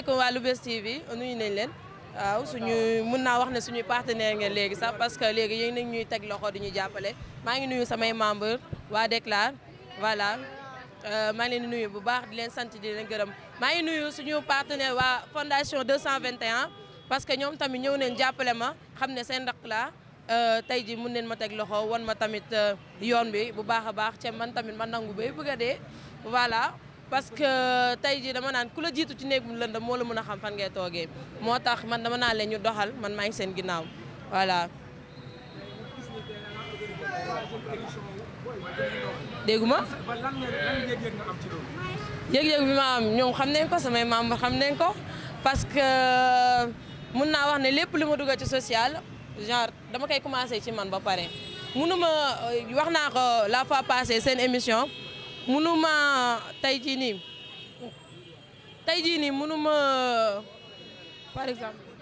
asalaamaaleykum waa Lou'Bess TV nuyu nañ leen waaw suñu mun naa wax ne suñuy partenaire ngeen léegi sax parce que léegi yéen nag ñuy teg loxo di ñu jàppale maa ngi nuyu samay membre waa Déclare voilà euh, maa ngi leen di nuyu bu baax di leen sant di leen gërëm maa ngi nuyu suñu partenaire waa fondation 221 parce que ñoom tamit ñëw neen jàppale ma xam ne seen rakk laa euh, tey ji mun neen ma teg loxo wan ma tamit euh, yoon bi bu baax a baax ca man tamit ma nangu bay bëgg de dee parce que tey jii dama naan ku la jiitu ci néeg bu lëndëm moo la mën a xam fan ngay tooge moo tax man dama naan leen ñu doxal man maa ngi seen ginnaaw voilà. déggu ma. yëg-yëg bi ma am ñoom xam nañ ko samay membres xam nañ ko parce que mun naa wax ne lépp li ma dugg ci social genre dama koy commencé ci man ba pare. mënuma wax naa ko la fois passée seen émission. mënuma tey jii nii tey jii nii mënuma par exemple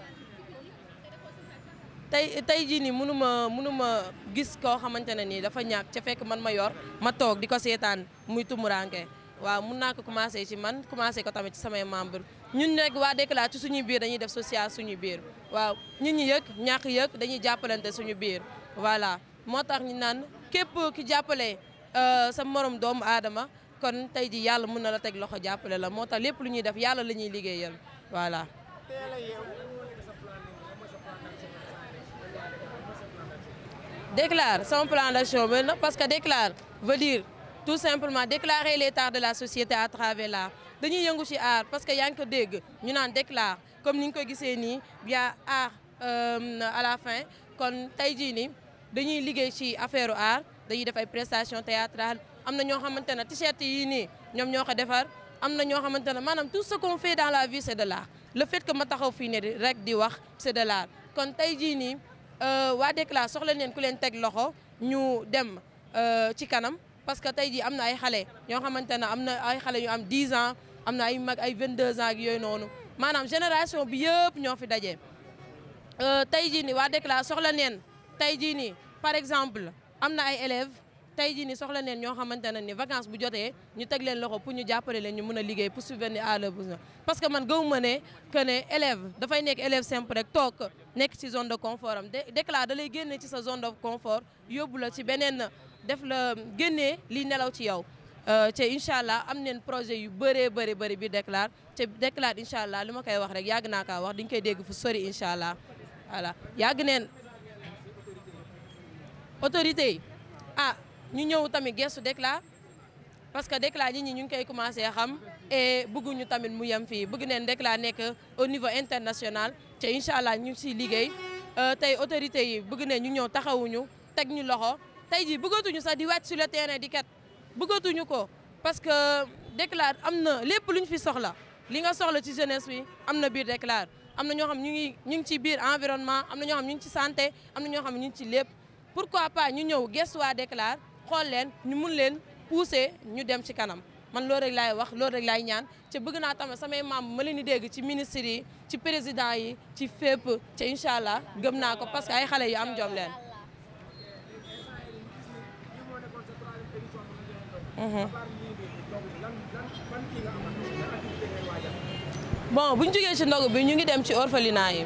tey tey jii nii mënuma mënuma gis koo xamante ne nii dafa ñàkk ca fekk man ma yor ma toog di ko seetaan muy tumuranke waaw mun naa ko commencé ci man commencé ko tamit ci samay membre ñun nekk waa Dhekla ci suñu biir dañuy def social suñu biir waaw nit ñu yëg ñàkk yëg dañuy jàppalante suñu biir voilà moo tax ñu naan képp ki jàppale Euh, sa moroom doomu aadama kon tey ji yàlla mën na la teg loxo jàppale la moo tax lépp lu ñuy def yàlla la ñuy liggéeyal voilà. déclare son plan d'action benn parce que déclare veut dire tout simplement déclarer l'état de la société à travers la dañuy yëngu ci art parce que yaa ngi ko dégg ñu naan déclare comme ni nga ko gisee nii bien art euh, à la fin kon tey jii nii dañuy liggéey ci affaire art. dañuy def ay prestation théâtrale am na ñoo xamante ne t-shirt yii nii ñoom ñoo ko defar am na ñoo xamante ne maanaam tout ce fait dans la vie c'est de l'art le fait que ma taxaw ne di rek di wax c'est de l'art kon tey jii nii euh, waa DECLA soxla leen ku leen teg loxo ñu dem euh, ci kanam parce que tey jii am na ay xale ñoo xamante ne am na ay xale yu am 10 ans am na ay mag ay 22 ans ak yooyu noonu maanaam génération bi yëpp ñoo fi daje. Euh, tey jii nii waa DECLA soxla neen tey jii nii par exemple am na ay élèves tey jii ni soxla neen ñoo xamante ne ni vacance bu jotee ñu teg leen loxo pour ñu jàppale leen ñu mën a liggéey pour subvenir à leurs besoins parce que man gëwuma ne que ne élève dafay nekk élève simple rek toog nekk ci zone de confort am déclare da lay génne ci sa zone de confort yóbbu la ci beneen def la génne li nelaw ci yow euh, te incha allah am neen projet yu bëree bëri bëri bi déclare te déclare incha allah li ma koy wax rek yàgg naa kaa wax dañ koy dégg fu sori incha allah voilà autorité yi ah ñu ñëw tamit gestu Dhecla parce que Dhecla nit ñi ñu ngi koy commencé xam et bëgguñu tamit mu yem fii bëgg neen Dhecla nekk au niveau international te incha allah ñu ngi siy liggéey euh, tey autorité yi bëgg ne ñu ñëw taxawuñu teg ñu loxo tey jii bëggatuñu sax di wàcc sur le terrain di kat bëggatuñu ko parce que Dhecla am na lépp lu ñu fi soxla li nga soxla ci jeunesse bi am na biir Dhecla am na ñoo xam ñu ngi ñu ngi ci biir environnement am na ñoo xam ñu ngi ci santé am na ñoo xam ñu ngi ci lépp. pour pourquoi pas ñu ñëw gëstu waa Declar xool leen ñu mun leen pousser ñu dem ci kanam man loo rek laay wax loolu rek laay ñaan ci bëgg naa tama samay maam ma leen di dégg ci ministres yi ci président yi ci fépp ci incha allah gëm naa ko parce que ay xale yu am jom leen. Mhm. bon bu ñu jógee ci ndogu bi ñu ngi dem ci orphelinat yi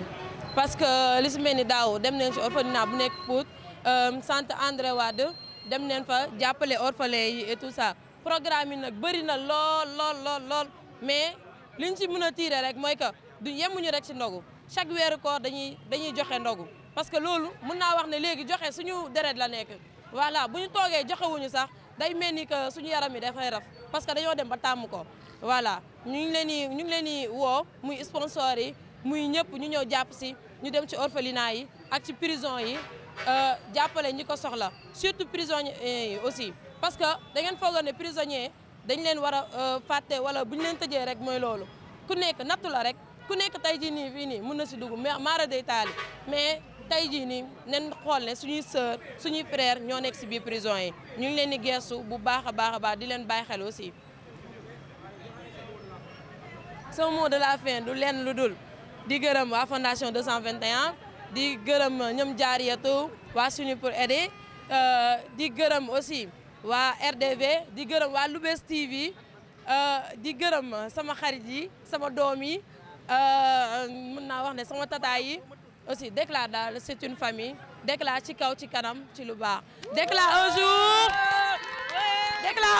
parce que li daaw dem nañ ci orphelinat bu nekk Pout. Euh, sant André Wade dem neen fa jàppale orphelins yi et tout ça programme nag bëri na lool lool lool lool mais liñ ci mun a tiire rek mooy que du yemuñu rek ci ndogu chaque weer koor dañuy dañuy joxe ndogu parce que loolu mun naa wax ne léegi joxe suñu deret la nekk voilà bu ñu toogee joxewuñu sax day mel ni que suñu yaram yi dafay raf parce que dañoo dem ba tàmm ko voilà ñu ngi leen di ñu ngi leen di woo muy sponsor yi muy ñëpp ñu ñëw jàpp si ñu dem ci orphelinat yi ak ci prison yi euh, jàppale ñi ko soxla surtout prisonniers yi aussi parce que da ngeen foogoon ne prisonnier dañu leen war a euh, fàtte wala bu ñu leen tëjee rek mooy loolu ku nekk nattu la rek ku nekk tey jii nii fii nii mun na si dugg maara day taali mais tey jii nii nen xool ne suñuy sœur suñuy frère ñoo nekk si biir prison yi ñu ngi leen di geestu bu baax a baax a baax di leen bàyyi xel aussi sama moo de la fin du leen lu dul di gërëm waa fondation 221 di gërëm ñoom jaariyatu waa suñu pour aider euh, di gërëm aussi waa RDV di gërëm waa Lou'Bess TV euh, di gërëm sama xarit yi sama doom yi euh, mën naa wax ne sama tata yi aussi Dhecla daal c'est une famille Dhecla ci kaw ci kanam ci lu baax Dhecla un jour Dhecla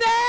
un